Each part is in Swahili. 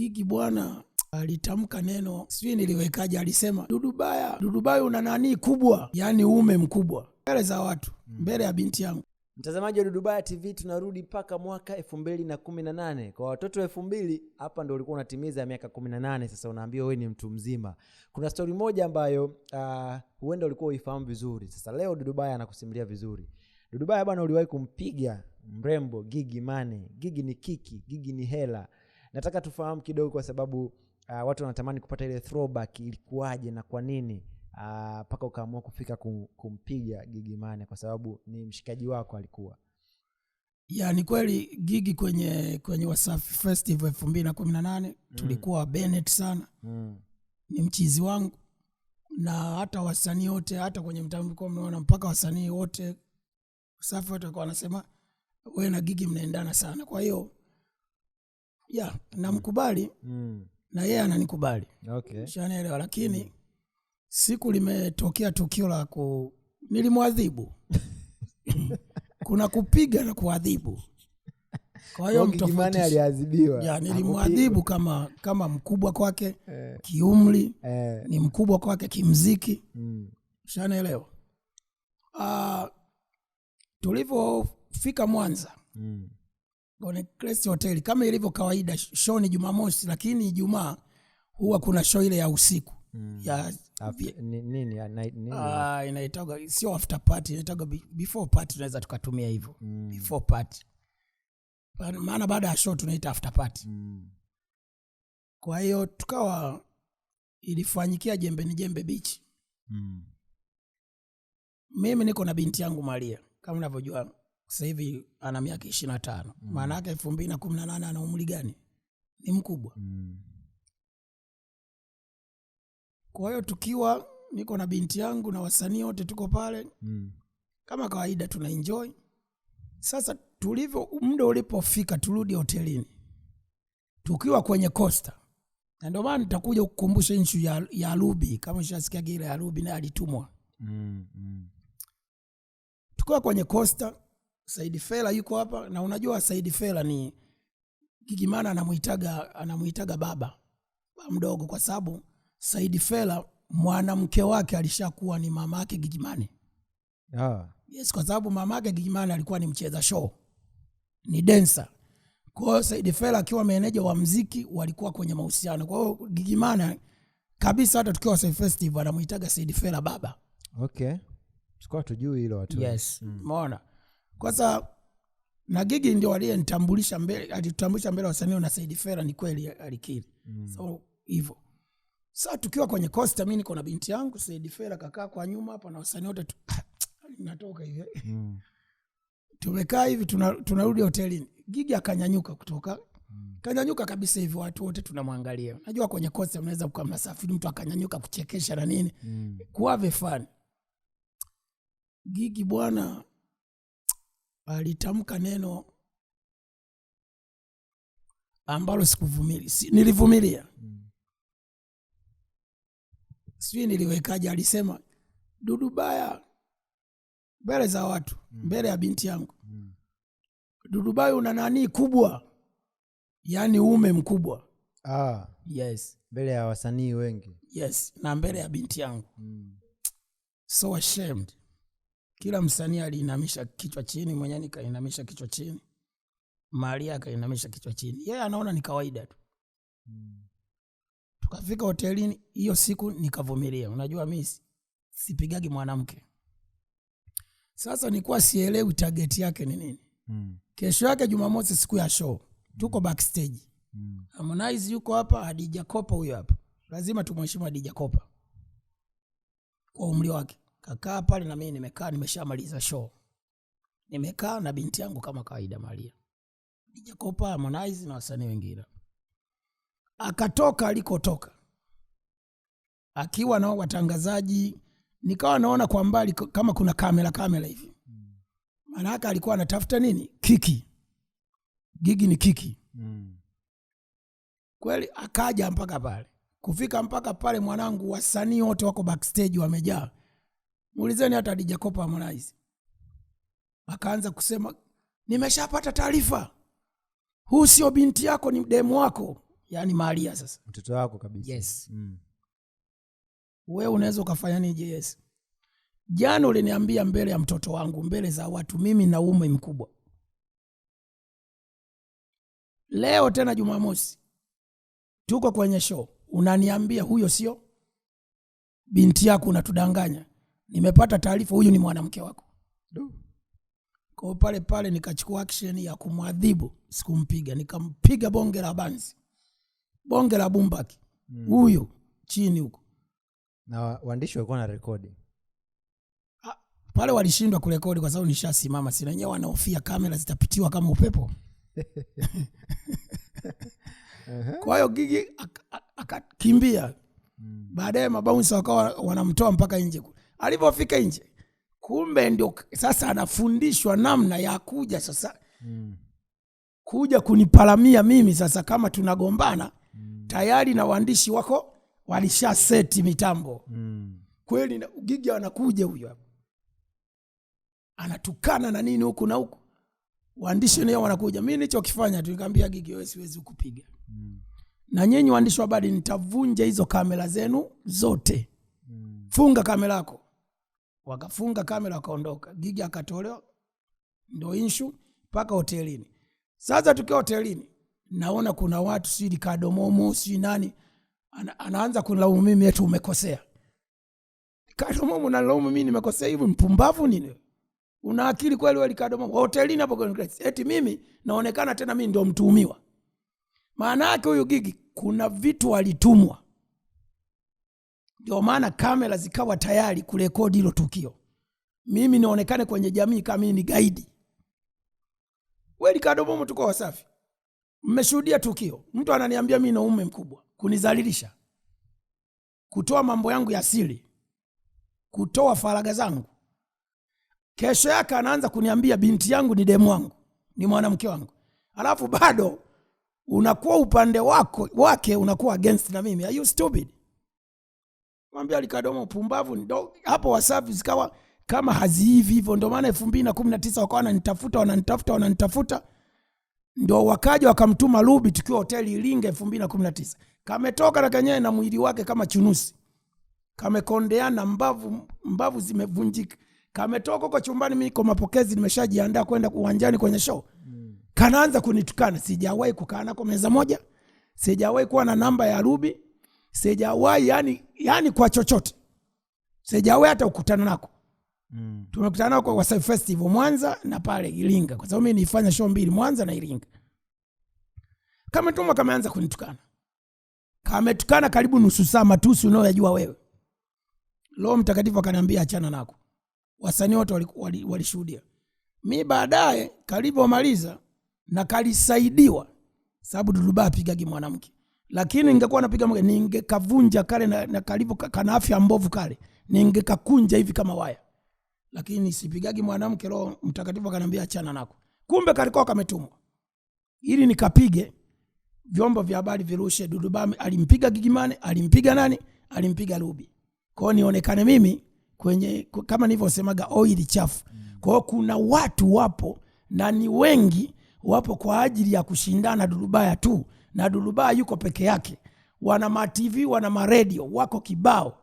hiki bwana alitamka neno sijui niliwekaje, alisema Dudubaya, Dudubaya una nani kubwa, yaani ume mkubwa mbele za watu, hmm. mbele ya binti yangu. Mtazamaji wa Dudubaya TV, tunarudi mpaka mwaka elfu mbili na kumi na nane kwa watoto elfu mbili hapa ndo ulikuwa unatimiza miaka kumi na nane Sasa unaambiwa wewe ni mtu mzima. Kuna stori moja ambayo ah, huenda uh, ulikuwa uifahamu vizuri. Sasa leo Dudubaya anakusimulia vizuri. Dudubaya bwana, uliwahi kumpiga mrembo Gigi Mane. Gigi ni kiki, Gigi ni hela nataka tufahamu kidogo kwa sababu uh, watu wanatamani kupata ile throwback ilikuwaje na kwa nini ah, mpaka uh, ukaamua kufika kum, kumpiga Gigi Mane kwa sababu ni mshikaji wako alikuwa ya ni kweli Gigi kwenye kwenye Wasafi Festival elfu mbili na kumi na nane mm. tulikuwa benet sana mm. ni mchizi wangu na hata wasanii wote hata kwenye mtamko mnaona mpaka wasanii wote safi wote walikuwa wanasema wewe na Gigi mnaendana sana kwa hiyo ya mm. namkubali mm. na yeye ananikubali okay. Shanaelewa, lakini mm. siku limetokea tukio la ku nilimwadhibu kuna kupiga na kuadhibu. kwahiyo hiyo nilimwadhibu kama kama mkubwa kwake eh, kiumri eh, ni mkubwa kwake kimziki mm. Shanaelewa. Uh, ah, tulivyofika Mwanza mm. Gonecrest Hotel kama ilivyo kawaida, show ni Jumamosi, lakini Ijumaa huwa kuna show ile ya usiku mm. ya uh, ah, ah, inaitwa, sio after party, inaitwa before party, tunaweza tukatumia hivyo mm. before party, maana baada ya show tunaita after party mm. kwa hiyo tukawa ilifanyikia jembe ni Jembe Beach mm. mimi niko na binti yangu Maria kama unavyojua sasa hivi ana miaka ishirini na tano mm. maana yake elfu mbili na kumi na nane ana umri gani? Ni mkubwa mm. Kwa hiyo tukiwa niko na binti yangu na wasanii wote tuko pale mm. kama kawaida tuna enjoy. Sasa tulivyo muda ulipofika, turudi hotelini tukiwa kwenye kosta, na ndio maana nitakuja kukumbusha nchu ya, ya Rubi kama shasikia gile ya Rubi naye alitumwa mm. mm. tukiwa kwenye kosta Said Fela yuko hapa na unajua Said Fela ni Gigimana anamuitaga anamuitaga baba mdogo kwa sababu Said Fela mwanamke wake alishakuwa ni mama yake Gigimani. Ah. Yes, kwa sababu mama yake Gigimani alikuwa ni mcheza show. Ni dancer. Kwa hiyo Said Fela akiwa meneja wa mziki walikuwa kwenye mahusiano. Kwa hiyo Gigimana kabisa hata tukiwa Wasai Festival anamuitaga Said Fela baba. Okay. Sikuwa tujui hilo watu. Yes. Hmm. Umeona? Mm kwanza na Gigi ndio aliyenitambulisha mbele, alitambulisha mbele wasanii na Said Fera, ni kweli alikiri. Mm. So hivyo sasa tukiwa kwenye Costa, mimi niko na binti yangu Said Fera kakaa kwa nyuma hapa na wasanii wote tu, natoka hivi mm. tumekaa hivi tunarudi tuna hotelini, Gigi akanyanyuka kutoka mm. kanyanyuka kabisa hivi, watu wote tunamwangalia. Najua kwenye Costa unaweza kuwa mnasafiri, mtu akanyanyuka kuchekesha na nini mm. kuwa fun Gigi bwana alitamka neno ambalo si, nilivumilia, sijui niliwekaja Alisema dudu baya mbele za watu, hmm. mbele ya binti yangu, hmm. dudu baya una nanii kubwa, yaani ume mkubwa. Ah, yes, mbele ya wasanii wengi, yes, na mbele ya binti yangu. Mm. So ashamed kila msanii aliinamisha kichwa chini, mwenyewe nikainamisha kichwa chini, Maria akainamisha kichwa chini, yeye yeah, anaona ni kawaida tu mm. Tukafika hotelini hiyo siku nikavumilia. Unajua mimi sipigagi mwanamke, sasa nilikuwa sielewi target yake ni nini mm. Kesho yake Jumamosi, siku ya show, tuko mm. backstage mm. Harmonize yuko hapa, Hadija Kopa huyo hapa, lazima tumheshimu Hadija Kopa kwa umri wake kakaa pale, na mimi nimekaa, nimeshamaliza show, nimekaa na binti yangu kama kawaida, Maria Jakopa, Harmonize na wasanii wengine. Akatoka alikotoka akiwa na watangazaji, nikawa naona kwa mbali kama kuna kamera kamera hivi, maanake alikuwa anatafuta nini, kiki gigi ni kiki mm. Kweli akaja mpaka pale, kufika mpaka pale, mwanangu, wasanii wote wako backstage wamejaa muulizeni hata DJ Harmonize akaanza kusema nimeshapata taarifa, huu sio binti yako, ni demu wako, yaani Maria. Sasa mtoto wako kabisa. Yes. Mm. Wewe unaweza ukafanya nije? Yes. Jana uliniambia mbele ya mtoto wangu, mbele za watu, mimi na umri mkubwa. Leo tena Jumamosi tuko kwenye show, unaniambia huyo sio binti yako, unatudanganya nimepata taarifa huyu ni mwanamke wako. Kwa pale pale nikachukua action ya kumwadhibu, sikumpiga, nikampiga bonge la banzi, bonge la bumbaki huyu mm. chini huko, na waandishi walikuwa na rekodi ah, pale, walishindwa kurekodi kwa sababu nishasimama, sina wenyewe, kamera zitapitiwa kama upepo kwa hiyo Gigi akakimbia, mm. baadaye mabaunsa wakawa wanamtoa mpaka nje kule alivyofika nje, kumbe ndio sasa anafundishwa namna ya kuja sasa mm. kuja kuniparamia mimi sasa, kama tunagombana mm. tayari na waandishi wako walisha seti mitambo mm. kweli. Gigi anakuja huyo, anatukana na nini huku na huku, waandishi nao wanakuja. Mi nilichokifanya tu nikamwambia Gigi, wewe siwezi kupiga mm. na nyinyi waandishi wa habari, nitavunja hizo kamera zenu zote mm. funga kamera yako wakafunga kamera wakaondoka, gigi akatolewa, ndo inshu mpaka hotelini. Sasa tukiwa hotelini, naona kuna watu si Kadomomo si nani ana, anaanza kulaumu mimi, eti umekosea. Kadomomo nalaumu mimi, nimekosea hivi? Mpumbavu nini? Una akili kweli wewe Kadomomo? Hotelini hapo eti mimi naonekana tena mimi ndio mtuumiwa Maana yake huyu gigi kuna vitu walitumwa ndio maana kamera zikawa tayari kurekodi hilo tukio, mimi nionekane kwenye jamii kama mimi ni gaidi. Kweli Kadomomo tuko Wasafi, mmeshuhudia tukio, mtu ananiambia mimi na ume mkubwa, kunizalilisha, kutoa mambo yangu ya siri, kutoa faraga zangu. Kesho yake anaanza kuniambia binti yangu ni demu wangu, ni mwanamke wangu, alafu bado unakuwa upande wako wake unakuwa against na mimi. Are you stupid? mwambia alikadomo pumbavu ndo hapo. Wasafi zikawa kama haziivi hivyo, ndo maana 2019 wakawa wananitafuta wananitafuta wananitafuta, ndo wakaja wakamtuma Rubi tukiwa hoteli Iringa 2019. Kametoka na kenyewe na mwili wake kama chunusi, kamekondeana, mbavu mbavu zimevunjika, kametoka huko chumbani. Mimi kwa mapokezi, nimeshajiandaa kwenda uwanjani kwenye show, kanaanza kunitukana. Sijawahi kukaa nako meza moja, sijawahi kuwa na namba ya Rubi sijawahi yani, yani kwa chochote sijawahi hata kukutana nako mm. tumekutana nako kwa festival Mwanza na pale Iringa, kwa sababu mimi nilifanya show mbili Mwanza na Iringa. Kama tuma kameanza kunitukana, kametukana karibu nusu saa, matusi unaoyajua wewe. Roho Mtakatifu akaniambia achana nako. Wasanii wote walishuhudia wali, wali mi baadaye kalivyomaliza na kalisaidiwa, sababu Dulubaa apigagi mwanamke lakini ningekuwa napiga mge ningekavunja kale na, na kalipo kana afya mbovu kale ningekakunja hivi kama waya, lakini sipigagi mwanamke. Roho Mtakatifu akanambia achana nako, kumbe kalikuwa kametumwa ili nikapige vyombo vya habari virushe Dudubame alimpiga Gigimane, alimpiga nani, alimpiga Rubi, kwao nionekane mimi kwenye kama nilivyosemaga oil chafu. Kwao kuna watu wapo na ni wengi wapo kwa ajili ya kushindana Dudubaya tu na Dulubaa yuko peke yake, wana matv wana maredio wako kibao.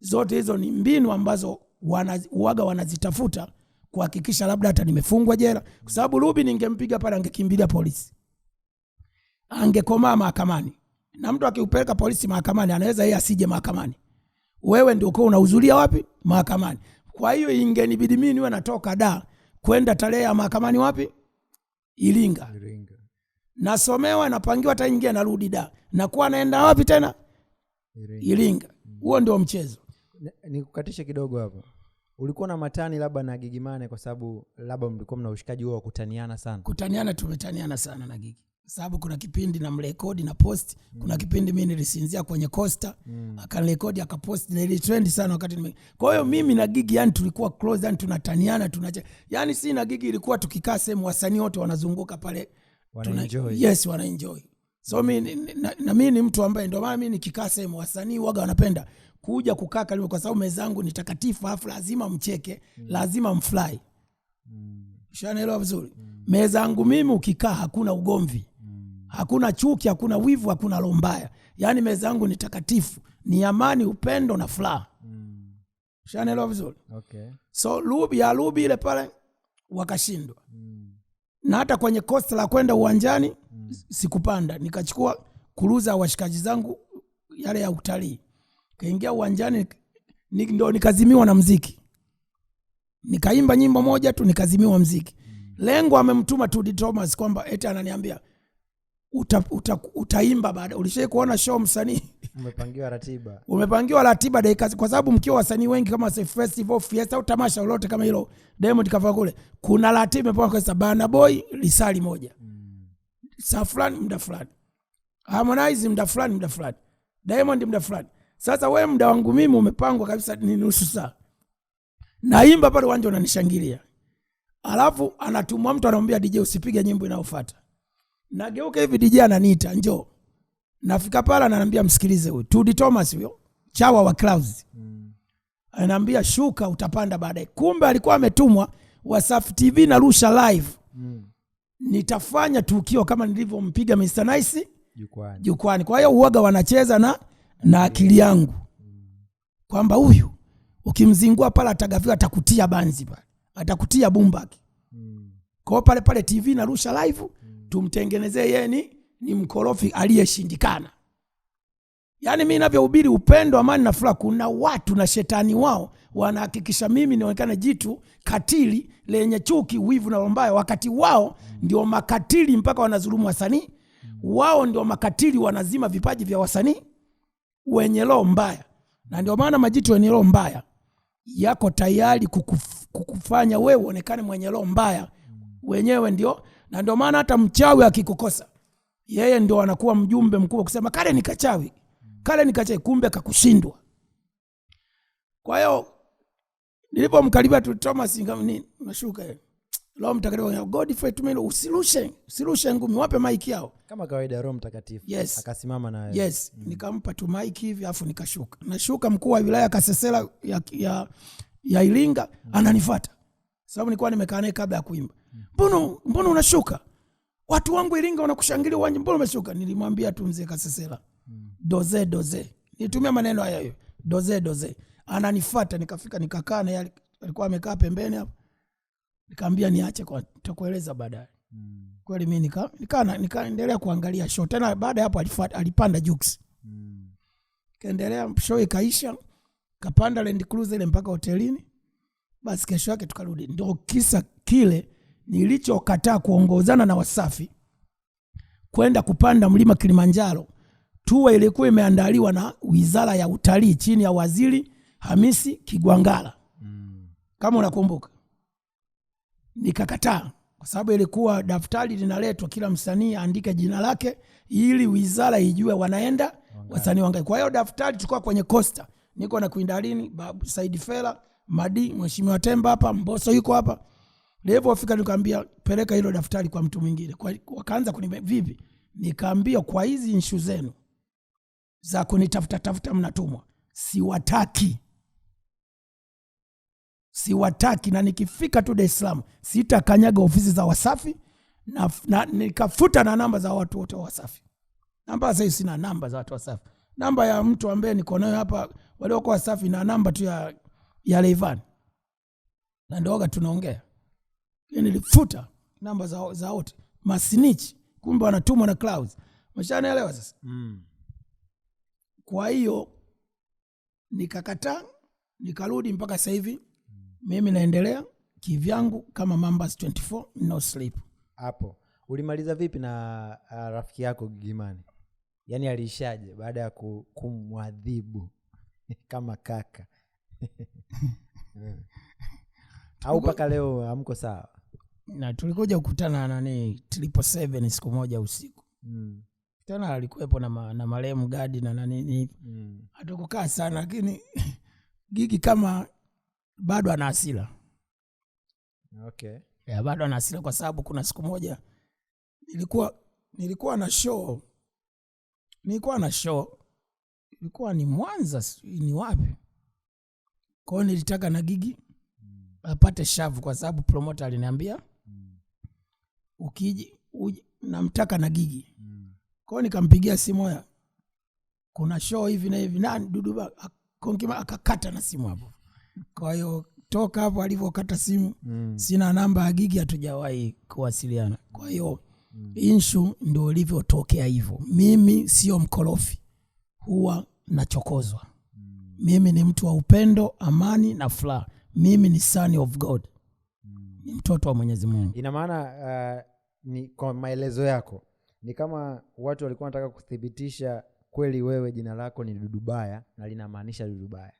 Zote hizo ni mbinu ambazo wana, waga wanazitafuta kuhakikisha labda hata nimefungwa jela, kwa sababu Rubi ningempiga pale angekimbilia polisi, angekomaa mahakamani. Na mtu akiupeleka polisi mahakamani, anaweza yeye asije mahakamani, wewe ndio uko unahudhuria wapi? Mahakamani. Kwa hiyo ingenibidi mimi niwe natoka da kwenda tarehe ya mahakamani wapi? ilinga, ilinga nasomewa napangiwa hata ingia narudi da nakuwa naenda wapi tena iringa huo mm. ndio mchezo nikukatishe kidogo hapo ulikuwa na matani labda na gigi mane kwa sababu labda mlikuwa mna ushikaji huo wa kutaniana sana kutaniana tumetaniana sana na gigi sababu kuna kipindi na mrekodi na post mm. kuna kipindi mi nilisinzia kwenye costa mm. akarekodi akapost trend sana wakati nime... kwa hiyo mimi na gigi yani tulikuwa close yani tunataniana tunacha yani si na gigi ilikuwa tukikaa sehemu wasanii wote wanazunguka pale mm wana Yes, wana enjoy. So mi, na, na mi ni mtu ambaye ndio mi nikikaa sehemu wasanii waga wanapenda kuja kukaa karibu, kwa sababu meza yangu ni takatifu, alafu lazima mcheke mm. lazima mfly mm. shanaelewa vizuri mm. meza yangu mimi ukikaa hakuna ugomvi mm. hakuna chuki, hakuna wivu, hakuna roho mbaya, yaani meza yangu ni takatifu, ni amani, upendo na furaha mm. shanaelewa vizuri okay. so lubi ya lubi ile pale wakashindwa mm na hata kwenye kosta la kwenda uwanjani mm. sikupanda, nikachukua kuruza washikaji zangu yale ya utalii, kaingia uwanjani ndo nikazimiwa na mziki, nikaimba nyimbo moja tu nikazimiwa mziki. Mm. Lengo amemtuma Tudi Thomas kwamba eti ananiambia uta, uta, utaimba baada. Ulishai kuona show msanii umepangiwa ratiba, umepangiwa ratiba dakika, kwa sababu mkiwa wasanii wengi kama say festival fiesta au tamasha lolote kama hilo Diamond kafa kule, kuna ratiba imepangwa kwa sababu bana Boy lisali moja mm. saa fulani muda fulani, Harmonize muda fulani muda fulani, Diamond muda fulani. Sasa wewe muda wangu mimi umepangwa kabisa, ni nusu saa naimba pale uwanja unanishangilia, alafu anatumwa mtu anamwambia DJ usipige nyimbo inayofuata Nageuka hivi DJ ananiita njoo. Nafika pala ananiambia msikilize huyu. Tudi Thomas huyo. Chawa wa Clouds. Mm. Ananiambia shuka utapanda baadaye. Kumbe alikuwa ametumwa Wasafi TV na Rusha Live. Mm. Nitafanya tukio kama nilivyompiga Mr Nice jukwani. Jukwani. Kwa hiyo uwaga wanacheza na na akili yangu. Mm. Kwamba huyu ukimzingua pale atagafika atakutia banzi pale. Atakutia bumbaki. Mm. Kwa pale pale TV na narusha live tumtengenezee yeye ni, ni mkorofi aliyeshindikana. Yaani mi navyohubiri upendo, amani na furaha, kuna watu na shetani wao wanahakikisha mimi nionekane jitu katili lenye chuki, wivu na mbaya, wakati wao ndio makatili mpaka wanazulumu wasanii wao ndio makatili, wanazima vipaji vya wasanii wenye roho mbaya. Na ndio maana majitu wenye roho mbaya yako tayari kukuf, kukufanya wewe uonekane mwenye roho mbaya, wenyewe ndio na ndio maana hata mchawi akikukosa yeye ndio anakuwa mjumbe mkubwa kusema kale ni kachawi kale ni kachawi, kumbe kakushindwa. Kwa hiyo nilipomkaribia tu Thomas nini nashuka Roho Mtakatifu Godfrey Tumelo, usirushe usirushe ngumi, wape maiki yao kama kawaida. Roho Mtakatifu yes. Akasimama na yes mm. Nikampa tu maiki hivi afu nikashuka, nashuka mkuu wa wilaya Kasesela ya, ya, ya Iringa mm. ananifuata sababu nilikuwa nimekaa naye kabla ya kuimba mbona mbona unashuka watu wangu Iringa wanakushangilia uwanja, mbona umeshuka? Nilimwambia tu mzee Kasesela doze doze, nitumia maneno haya hayo doze doze. ananifuata nikafika nikakaa na alikuwa amekaa pembeni hapo, nikamwambia niache kwa, nitakueleza baadaye. Mm. Kweli mimi nika nikaendelea nika, kuangalia show tena. Baada ya hapo alifuata, alipanda jukes Mm. Kaendelea show ikaisha, kapanda Land Cruiser ile mpaka hotelini. Basi kesho yake tukarudi, ndio kisa kile mm nilichokataa kuongozana na Wasafi kwenda kupanda mlima Kilimanjaro. Tua ilikuwa imeandaliwa na Wizara ya Utalii chini ya Waziri Hamisi Kigwangala, kama unakumbuka. Nikakataa kwa sababu ilikuwa daftari linaletwa, kila msanii aandike jina lake ili wizara ijue wanaenda wasanii wangapi. Kwa hiyo daftari tulikuwa kwenye kosta niko na Kwindalini, Babu Said Fela, Madi, Mheshimiwa Temba hapa, Mboso yuko hapa Nilipofika nikamwambia peleka hilo daftari kwa mtu mwingine. Wakaanza kuniambia vipi? Nikaambia kwa hizi nshu zenu za kunitafuta tafuta mnatumwa, siwataki, siwataki. Na nikifika tu Dar Salaam sitakanyaga ofisi za Wasafi na, na nikafuta na namba za watu wote wa Wasafi. Namba sahii sina namba za watu Wasafi, namba ya mtu ambaye nikonayo hapa walioko Wasafi na namba tu ya ya Levan na ndoga tunaongea Yaani nilifuta namba za, za wote masinichi, kumbe wanatumwa na Clouds. Mshanaelewa sasa mm. Kwa hiyo nikakataa, nikarudi mpaka sasa hivi mm. Mimi naendelea kivyangu kama Mambas 24 no sleep. Hapo ulimaliza vipi na uh, rafiki yako Gigimani? Yaani aliishaje baada ya kumwadhibu kama kaka au mpaka leo amko sawa? na tulikuja kukutana nani tripo seven siku moja usiku mm. tena alikuwepo na, ma, na marehemu gadi na nanini mm. hatukukaa sana lakini gigi kama bado ana hasira okay. ya, bado ana hasira kwa sababu kuna siku moja nilikuwa nilikuwa na show nilikuwa na show ilikuwa ni mwanza ni wapi kwao nilitaka na gigi mm. apate shavu kwa sababu promota aliniambia ukiji namtaka na Gigi mm. kwao, nikampigia simu ya kuna show hivi na hivi nani Duduba Konkima akakata na simu hapo. Kwa hiyo toka hapo alivyokata simu mm. sina namba ya Gigi, hatujawahi kuwasiliana. Kwa hiyo mm. inshu ndio ilivyotokea hivyo. Mimi sio mkorofi, huwa nachokozwa mm. mimi ni mtu wa upendo, amani na furaha. Mimi ni son of God, mm. ni mm. mtoto wa Mwenyezi Mungu. Ina maana uh ni kwa maelezo yako ni kama watu walikuwa wanataka kuthibitisha kweli wewe jina lako ni Dudubaya na linamaanisha Dudubaya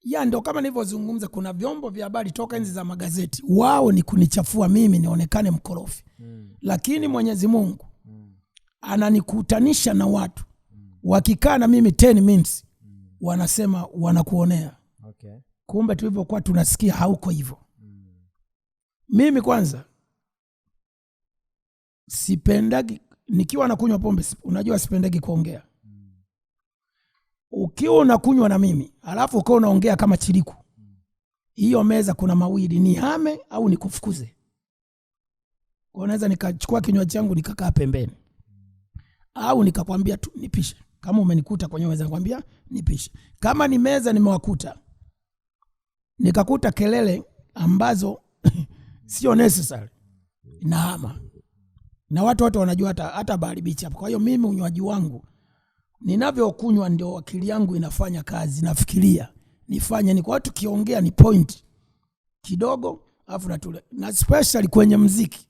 ya ndo kama nilivyozungumza, kuna vyombo vya habari toka enzi za magazeti, wao ni kunichafua mimi nionekane mkorofi hmm. Lakini Mwenyezi Mungu hmm. ananikutanisha na watu hmm. wakikaa na mimi 10 minutes hmm. wanasema wanakuonea okay. Kumbe tulivyokuwa tunasikia hauko hivyo hmm. Mimi kwanza sipendagi nikiwa nakunywa pombe, unajua sipendagi kuongea. Ukiwa unakunywa na mimi alafu ukiwa unaongea kama chiriku, hiyo meza kuna mawili, ni hame au nikufukuze. Kwa naweza nikachukua kinywa changu nikakaa pembeni, au nikakwambia tu nipishe. Kama umenikuta kwenye meza, nikwambia nipishe. Kama ni meza nimewakuta, nikakuta kelele ambazo sio necessary, nahama na watu wote wanajua hata, hata bahari bichi hapa. Kwa hiyo mimi unywaji wangu ninavyokunywa ndio akili yangu inafanya kazi, nafikiria nifanye ni kwa watu kiongea ni point kidogo, afu natule na especially kwenye mziki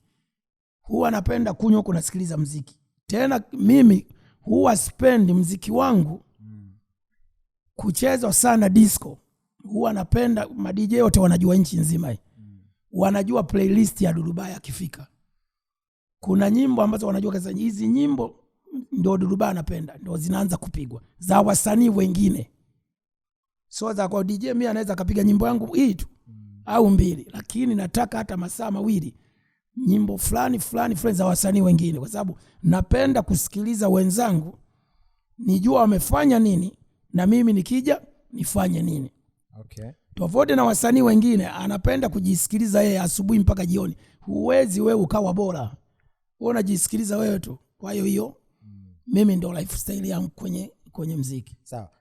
huwa napenda kunywa huko nasikiliza mziki. Tena mimi huwa spend mziki wangu kuchezwa sana disco. Huwa napenda madj wote wanajua nchi nzima hii, wanajua playlist ya Dudubaya akifika kuna nyimbo ambazo wanajua kaza hizi nyimbo ndio Duduba anapenda, ndio zinaanza kupigwa za wasanii wengine, so za kwa DJ. mi anaweza akapiga nyimbo yangu hii tu mm. au mbili, lakini nataka hata masaa mawili nyimbo fulani fulani fulani za wasanii wengine, kwa sababu napenda kusikiliza wenzangu, nijua wamefanya nini na mimi nikija nifanye nini. Okay. Tofauti na wasanii wengine, anapenda kujisikiliza yeye asubuhi mpaka jioni. Huwezi wewe ukawa bora unajisikiliza wewe tu. Kwa hiyo hiyo mm. mimi ndo lifestyle yangu kwenye, kwenye mziki. Sawa.